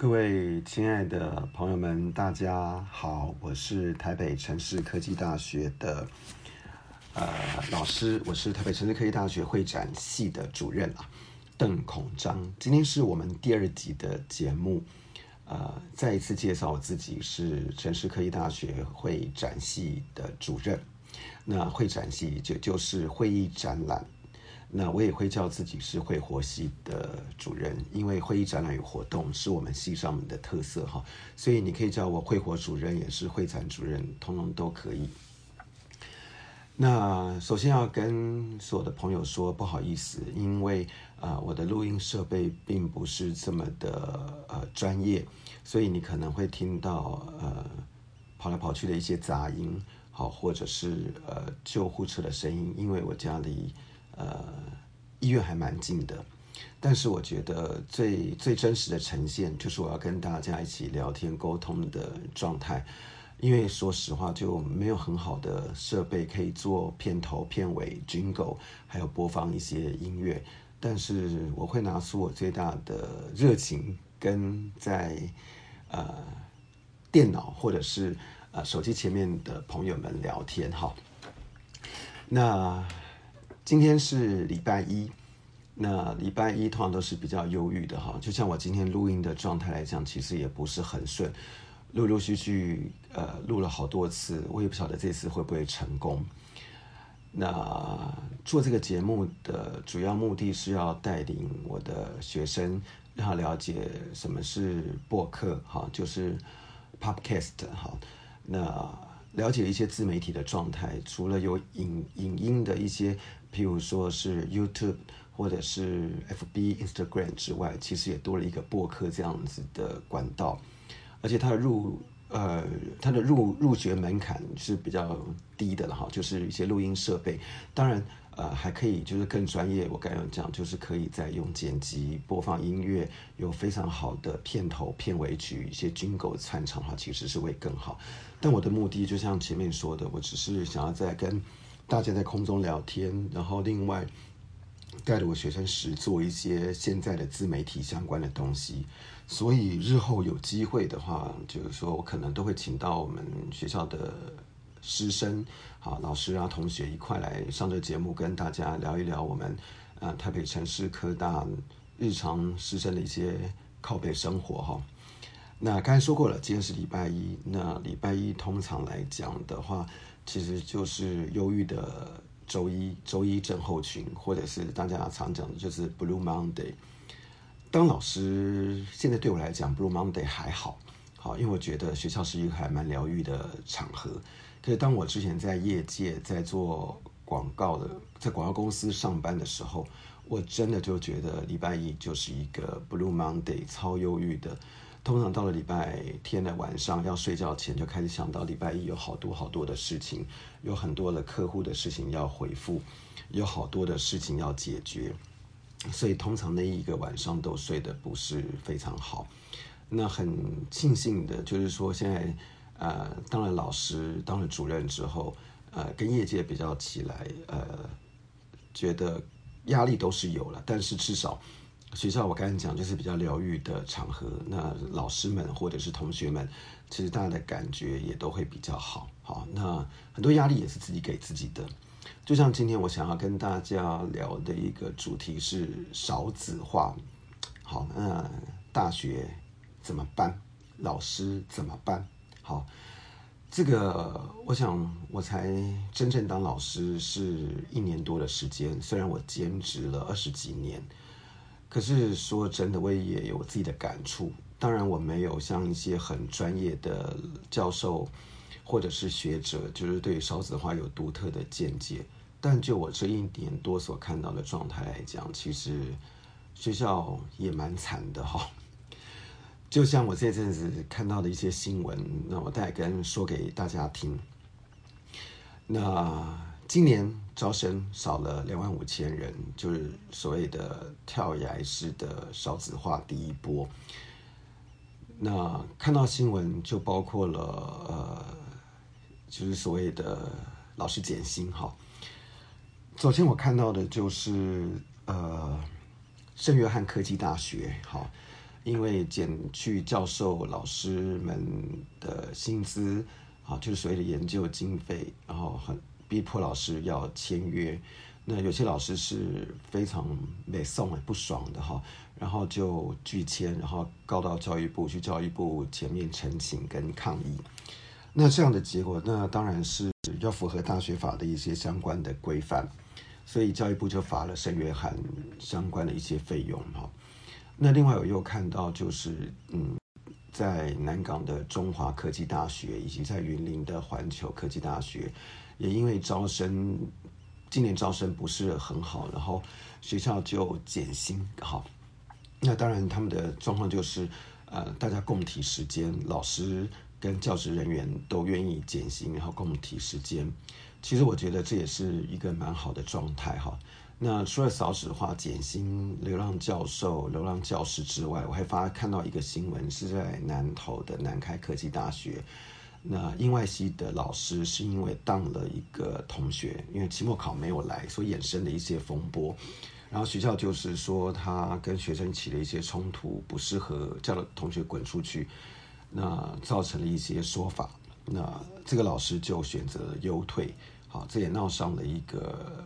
各位親愛的朋友們，大家好！我是台北城市科技大學的呃老師，我是台北城市科技大學會展系的主任啊，鄧孔章。今天是我們第二集的節目，呃，再一次介紹我自己，是城市科技大學會展系的主任。那會展系就就是會議展覽。那我也會叫自己是會活系的主任，因為會議展覽與活動是我們系上面的特色哈，所以你可以叫我會活主任，也是會展主任，通通都可以。那首先要跟所有的朋友說不好意思，因為呃我的錄音設備並不是這麼的呃專業，所以你可能會聽到呃跑來跑去的一些雜音，好，或者是呃救護車的聲音，因為我家裡呃，醫院還蠻近的，但是我覺得最最真實的呈現就是我要跟大家一起聊天溝通的狀態，因為說實話就沒有很好的設備可以做片頭、片尾、Jingle，還有播放一些音樂，但是我會拿出我最大的熱情跟在呃電腦或者是呃手機前面的朋友們聊天哈，那。今天是禮拜一，那禮拜一通常都是比較憂鬱的哈。就像我今天錄音的狀態來講，其實也不是很順，陸陸續續呃錄了好多次，我也不曉得這次會不會成功。那做這個節目的主要目的是要帶領我的學生，要了解什麼是播客哈，就是 Podcast 哈。那了解一些自媒體的狀態，除了有影影音的一些。譬如說是 YouTube 或者是 FB、Instagram 之外，其實也多了一個播客這樣子的管道，而且它的入呃它的入入學門檻是比較低的了哈，就是一些錄音設備，當然呃還可以就是更專業，我剛剛講就是可以在用剪輯播放音樂，有非常好的片頭片尾曲，一些 jingle 串場的話其實是會更好，但我的目的就像前面說的，我只是想要再跟。大家在空中聊天，然後另外帶着我學生時做一些現在的自媒體相關的東西，所以日後有機會的話，就是說我可能都會請到我們學校的師生啊、老師啊、同學一塊來上這節目，跟大家聊一聊我們啊、呃、台北城市科大日常師生的一些靠北生活哈。那剛才說過了，今天是禮拜一，那禮拜一通常來講的話。其實就是憂鬱的周一，周一症候群，或者是大家常講的就是 Blue Monday。當老師現在對我來講，Blue Monday 還好，好，因為我覺得學校是一個還蠻療癒的場合。可是當我之前在業界在做廣告的，在廣告公司上班的時候，我真的就覺得禮拜一就是一個 Blue Monday，超憂鬱的。通常到了禮拜天的晚上要睡覺前，就開始想到禮拜一有好多好多的事情，有很多的客戶的事情要回復，有好多的事情要解決，所以通常那一個晚上都睡得不是非常好。那很慶幸的就是說，現在呃，當了老師，當了主任之後，呃，跟業界比較起來，呃，覺得壓力都是有了，但是至少。學校我剛才講就是比較療癒的場合，那老師們或者是同學們，其實大家的感覺也都會比較好。好，那很多壓力也是自己給自己的。就像今天我想要跟大家聊的一個主題是少子化。好，那大學怎麼辦？老師怎麼辦？好，這個我想我才真正當老師是一年多的時間，雖然我兼職了二十幾年。可是說真的，我也有自己的感觸。當然，我沒有像一些很專業的教授或者是學者，就是對於少子化有獨特的見解。但就我這一年多所看到的狀態來講，其實學校也蠻慘的哈、哦。就像我這陣子看到的一些新聞，那我待會跟說給大家聽。那。今年招生少了兩萬五千人，就是所謂的跳崖式的少子化第一波。那看到新聞就包括了呃，就是所謂的老師減薪哈。首先我看到的就是呃聖約翰科技大學哈，因為減去教授老師們的薪資啊，就是所謂的研究經費，然後很。逼迫老師要簽約，那有些老師是非常沒送哎不爽的哈，然後就拒簽，然後告到教育部去，教育部前面陳情跟抗議，那這樣的結果，那當然是要符合大學法的一些相關的規範，所以教育部就罰了聖約翰相關的一些費用哈。那另外我又看到就是嗯。在南港的中華科技大學，以及在雲林的環球科技大學，也因為招生今年招生不是很好，然後學校就減薪。好，那當然他們的狀況就是，呃，大家共體時艱，老師跟教職人員都願意減薪，然後共體時艱。其實我覺得這也是一個蠻好的狀態，哈。那除了少子化、減薪、流浪教授、流浪教師之外，我還發看到一個新聞，是在南投的南開科技大學，那英外系的老師是因為當了一個同學，因為期末考沒有來，所以衍生了一些風波，然後學校就是說他跟學生起了一些衝突，不適合叫了同學滾出去，那造成了一些說法，那這個老師就選擇了優退。好，這也鬧上了一個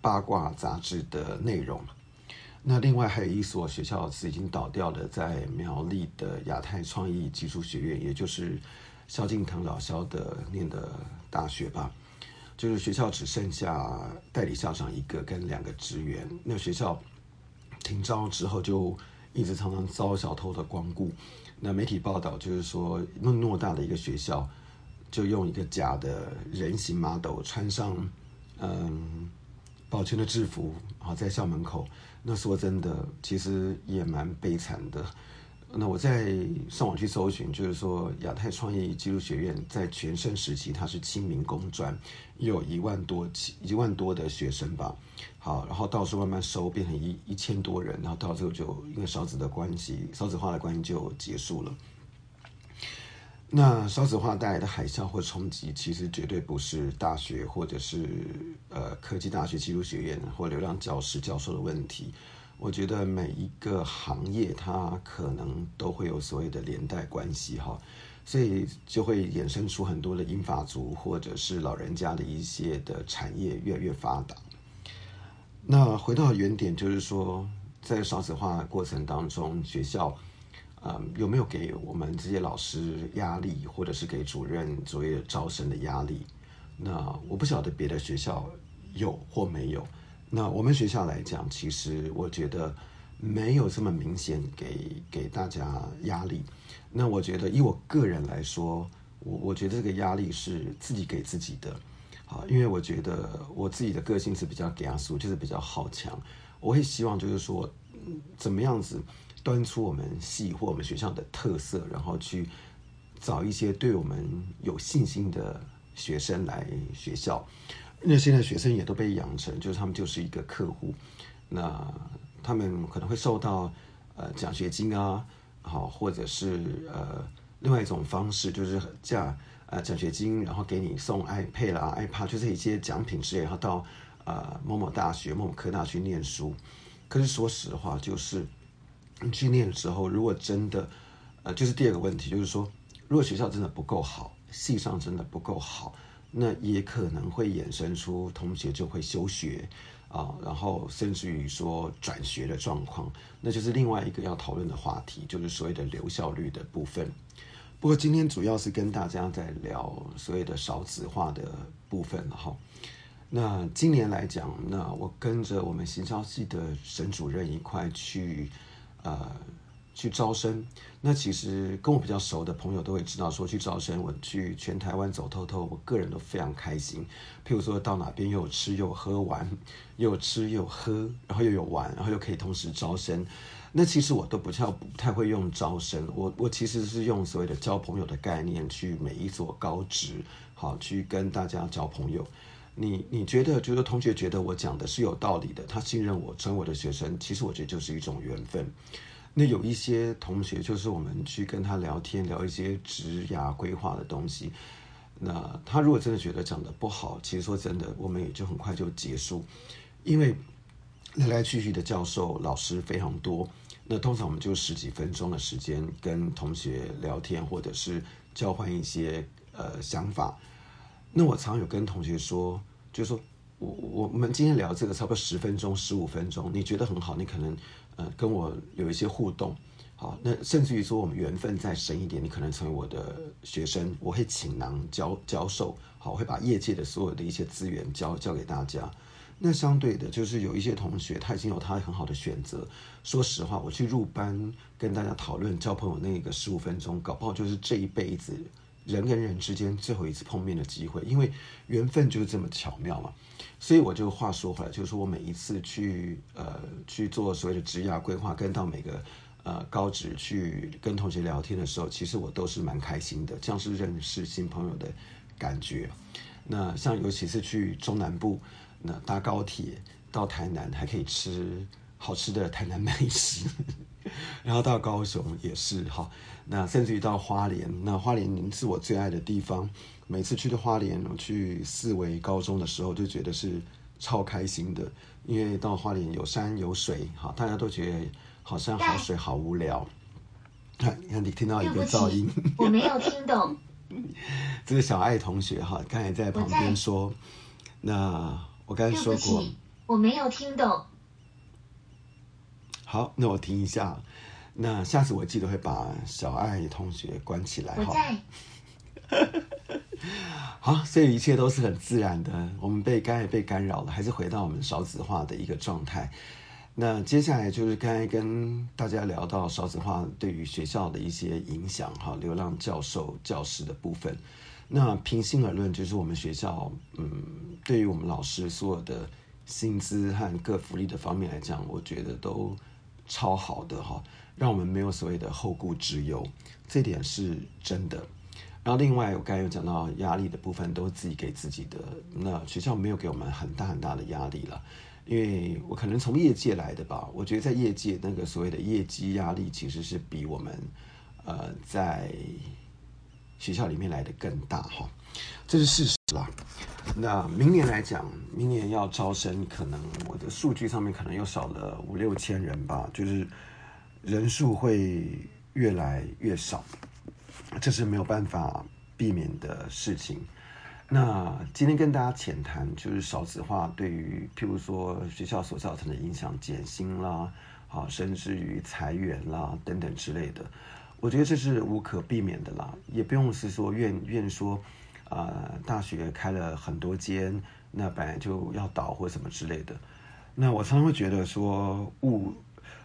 八卦雜誌的內容。那另外還有一所學校是已經倒掉的，在苗栗的亞太創意技術學院，也就是蕭敬騰老蕭的念的大學吧。就是學校只剩下代理校長一個跟兩個職員。那學校停招之後，就一直常常遭小偷的光顧。那媒體報道就是說，那偌大的一個學校，就用一個假的人形 model 穿上，嗯。保全的制服，好，在校門口。那說真的，其實也蠻悲慘的。那我在上網去搜尋，就是說，亞太創意技術學院在全盛時期，它是親民工專，有一萬多、一萬多的學生吧。好，然後到處慢慢收，變成一一千多人，然後到最後就因為少子的關係，少子化的關係就結束了。那少子化帶來的海嘯或衝擊，其實絕對不是大學或者是呃科技大學、技術學院或流浪教師教授的問題。我覺得每一個行業，它可能都會有所謂的連帶關係哈，所以就會衍生出很多的銀髮族或者是老人家的一些的產業越來越發達。那回到原點，就是說在少子化過程當中，學校。呃、嗯，有沒有給我們這些老師壓力，或者是給主任作為招生的壓力？那我不曉得別的學校有或沒有。那我們學校來講，其實我覺得沒有這麼明顯給給大家壓力。那我覺得以我個人來說，我我覺得這個壓力是自己給自己的。好，因為我覺得我自己的個性是比較嚴肅，就是比較好強。我會希望就是說。怎麼樣子端出我們系或我們學校的特色，然後去找一些對我們有信心的學生來學校。那現在學生也都被養成，就是他們就是一個客戶。那他們可能會收到呃獎學金啊，好，或者是呃另外一種方式，就是加呃獎學金，然後給你送 iPad 啦、iPad，就是一些獎品之類，然後到呃某某大學、某某科大去念書。可是說實話，就是訓練的時候，如果真的，呃，就是第二個問題，就是說，如果學校真的不夠好，系上真的不夠好，那也可能會衍生出同學就會休學啊，然後甚至於說轉學的狀況，那就是另外一個要討論的話題，就是所謂的留校率的部分。不過今天主要是跟大家在聊所謂的少子化的部分了哈。那今年來講，那我跟着我們行銷系的沈主任一塊去，呃，去招生。那其實跟我比較熟的朋友都會知道，說去招生，我去全台灣走透透，我個人都非常開心。譬如說到哪邊又有吃又有喝玩，又有吃又有喝，然後又有玩，然後又可以同時招生。那其實我都不叫不太會用招生，我我其實是用所謂的交朋友的概念去每一所高職，好，去跟大家交朋友。你你覺得就是同學覺得我講的是有道理的，他信任我，成為我的學生，其實我覺得就是一種緣分。那有一些同學，就是我們去跟他聊天，聊一些職涯規劃的東西。那他如果真的覺得講的不好，其實說真的，我們也就很快就結束，因為來來去去的教授老師非常多。那通常我們就十幾分鐘的時間跟同學聊天，或者是交換一些呃想法。那我常有跟同學說。就是說，我我們今天聊這個，差不多十分鐘、十五分鐘，你覺得很好，你可能嗯、呃、跟我有一些互動，好，那甚至於說我們緣分再深一點，你可能成為我的學生，我會傾囊教教授，好，我會把業界的所有的一些資源交交給大家。那相對的，就是有一些同學他已經有他很好的選擇。說實話，我去入班跟大家討論交朋友那個十五分鐘，搞不好就是這一輩子人跟人之間最後一次碰面的機會，因為緣分就是這麼巧妙嘛。所以我就話說回來，就是說我每一次去呃去做所謂的職業規劃，跟到每個呃高職去跟同學聊天的時候，其實我都是蠻開心的，像是認識新朋友的感覺。那像尤其是去中南部，那搭高鐵到台南還可以吃好吃的台南美食。然後到高雄也是哈，那甚至於到花蓮，那花蓮是我最愛的地方。每次去到花蓮，我去四維高中的時候就覺得是超開心的，因為到花蓮有山有水哈，大家都覺得好山好水好無聊。看，看、嗯、你聽到一個噪音，我沒有聽懂呵呵。這個小愛同學哈，剛才在旁邊說，我那我剛才說過，對不起，我沒有聽懂。好，那我停一下。那下次我記得會把小愛同學關起來哈。好，所以一切都是很自然的。我們被干被干擾了，還是回到我們少子化的一個狀態。那接下來就是剛才跟大家聊到少子化對於學校的一些影響哈，流浪教授、教師的部分。那平心而論，就是我們學校，嗯，對於我們老師所有的薪資和各福利的方面來講，我覺得都。超好的哈，讓我們沒有所謂的後顧之憂，這點是真的。然後另外我剛才有講到壓力的部分，都自己給自己的。那學校沒有給我們很大很大的壓力了，因為我可能從業界來的吧，我覺得在業界那個所謂的業績壓力，其實是比我們呃在學校裡面來的更大哈，這是事實啦。那明年來講，明年要招生，可能我的數據上面可能又少了五六千人吧，就是人數會越來越少，這是沒有辦法避免的事情。那今天跟大家淺談，就是少子化對於譬如說學校所造成的影響，減薪啦，啊，甚至於裁員啦等等之類的，我覺得這是無可避免的啦，也不用是說怨怨說。啊、呃，大學開了很多間，那本來就要倒或什麼之類的。那我常常會覺得說，物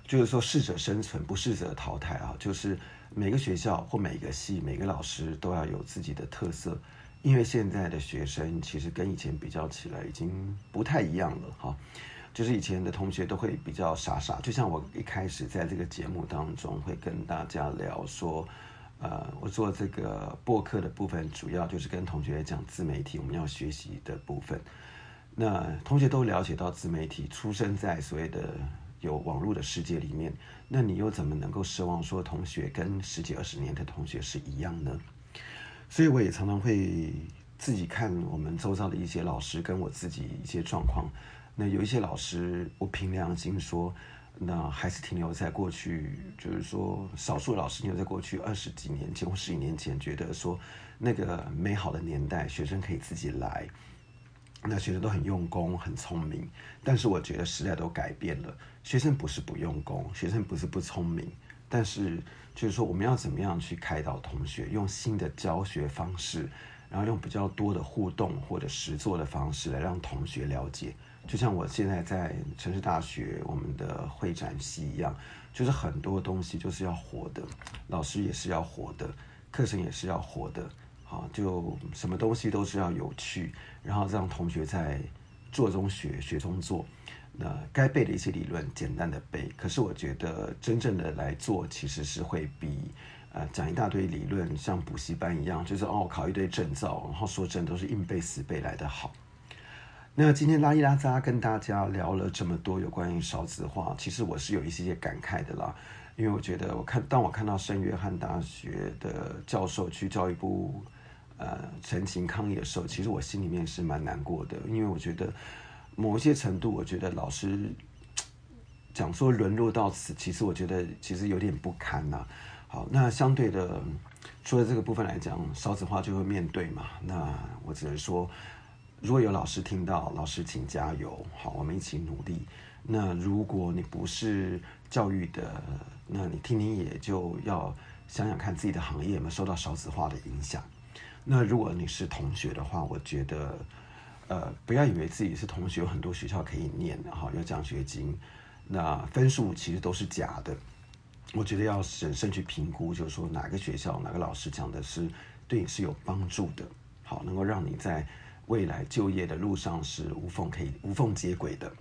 就是說適者生存，不適者淘汰啊。就是每個學校或每個系、每個老師都要有自己的特色，因為現在的學生其實跟以前比較起來已經不太一樣了哈。就是以前的同學都會比較傻傻，就像我一開始在這個節目當中會跟大家聊說。呃，我做這個播客的部分，主要就是跟同學講自媒體我們要學習的部分。那同學都了解到自媒體出生在所謂的有網絡的世界裡面，那你又怎麼能夠奢望說同學跟十幾二十年的同學是一樣呢？所以我也常常會自己看我們周遭的一些老師跟我自己一些狀況。那有一些老師，我憑良心說。那還是停留在過去，就是說，少數老師停留在過去二十幾年前或十幾年前，覺得說那個美好的年代，學生可以自己來，那學生都很用功、很聰明。但是我覺得時代都改變了，學生不是不用功，學生不是不聰明，但是就是說，我們要怎麼樣去開導同學，用新的教學方式，然後用比較多的互動或者實作的方式來讓同學了解。就像我現在在城市大學我們的會展系一樣，就是很多東西就是要活的，老師也是要活的，課程也是要活的，好，就什麼東西都是要有趣，然後讓同學在做中學，學中做。那、呃、該背的一些理論簡單的背，可是我覺得真正的來做，其實是會比呃講一大堆理論像補習班一樣，就是哦考一堆證照，然後說真都是硬背死背來的好。那今天拉哩拉雜跟大家聊了這麼多有關於少子化，其實我是有一些些感慨的啦。因為我覺得，我看當我看到聖約翰大學的教授去教育部呃陳情抗議的時候，其實我心裡面是蠻難過的。因為我覺得某一些程度，我覺得老師講說淪落到此，其實我覺得其實有點不堪吶。好，那相對的，除了這個部分來講，少子化就會面對嘛。那我只能說。如果有老師聽到，老師請加油，好，我們一起努力。那如果你不是教育的，那你聽聽也就要想想看自己的行業有沒有受到少子化的影響。那如果你是同學的話，我覺得，呃，不要以為自己是同學，有很多學校可以念，好，有獎學金，那分數其實都是假的。我覺得要審慎去評估，就是說哪個學校、哪個老師講的是對你是有幫助的，好，能夠讓你在。未來就業的路上是無縫可以無縫接軌的。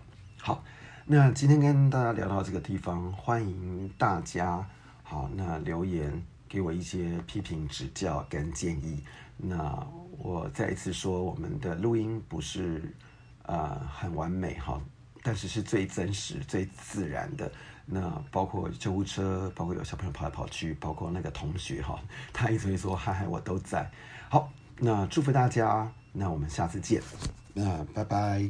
好，那今天跟大家聊到這個地方，歡迎大家。好，那留言給我一些批評指教跟建議。那我再一次說，我們的錄音不是啊、呃、很完美哈，但是是最真實、最自然的。那包括救護車，包括有小朋友跑來跑去，包括那個同學哈，他一直會說嗨嗨，我都在。好，那祝福大家。那我們下次見，那拜拜。